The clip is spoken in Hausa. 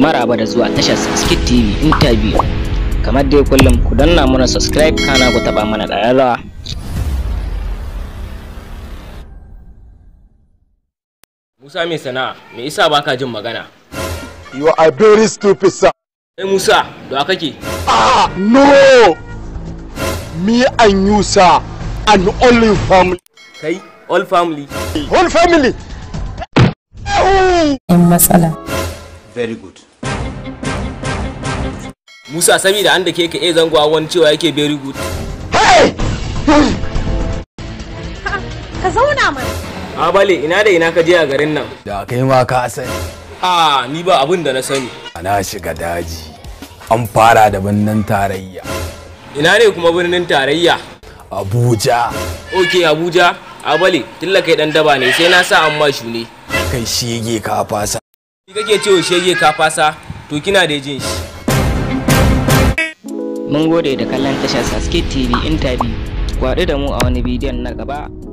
maraba da zuwa tashar skit tv interview kamar dai kullum ku danna mana subscribe kana ku taba mana ƙararrawa musa mai sana'a me isa baka jin magana you are very stupid sir eh hey, musa da kake ah no me and you sir and only family kai all family whole family in matsala very good musa saboda an da ke ka eh, zango wani cewa yake very good ka zauna mana a ah, bale ina da ina ka je a garin nan da kai ma ka sani a ni ba abin da na sani ana shiga daji an fara da birnin tarayya ina ne kuma birnin tarayya abuja ok abuja a ah, bale tilla kai dan daba ne sai na sa an mashu ne kai shege ka fasa Ki kake cewa shege ka fasa to kina da jin shi. Mun gode da kallon tashar Saske TV Interview. Kwaɗu da mu a wani bidiyon na gaba.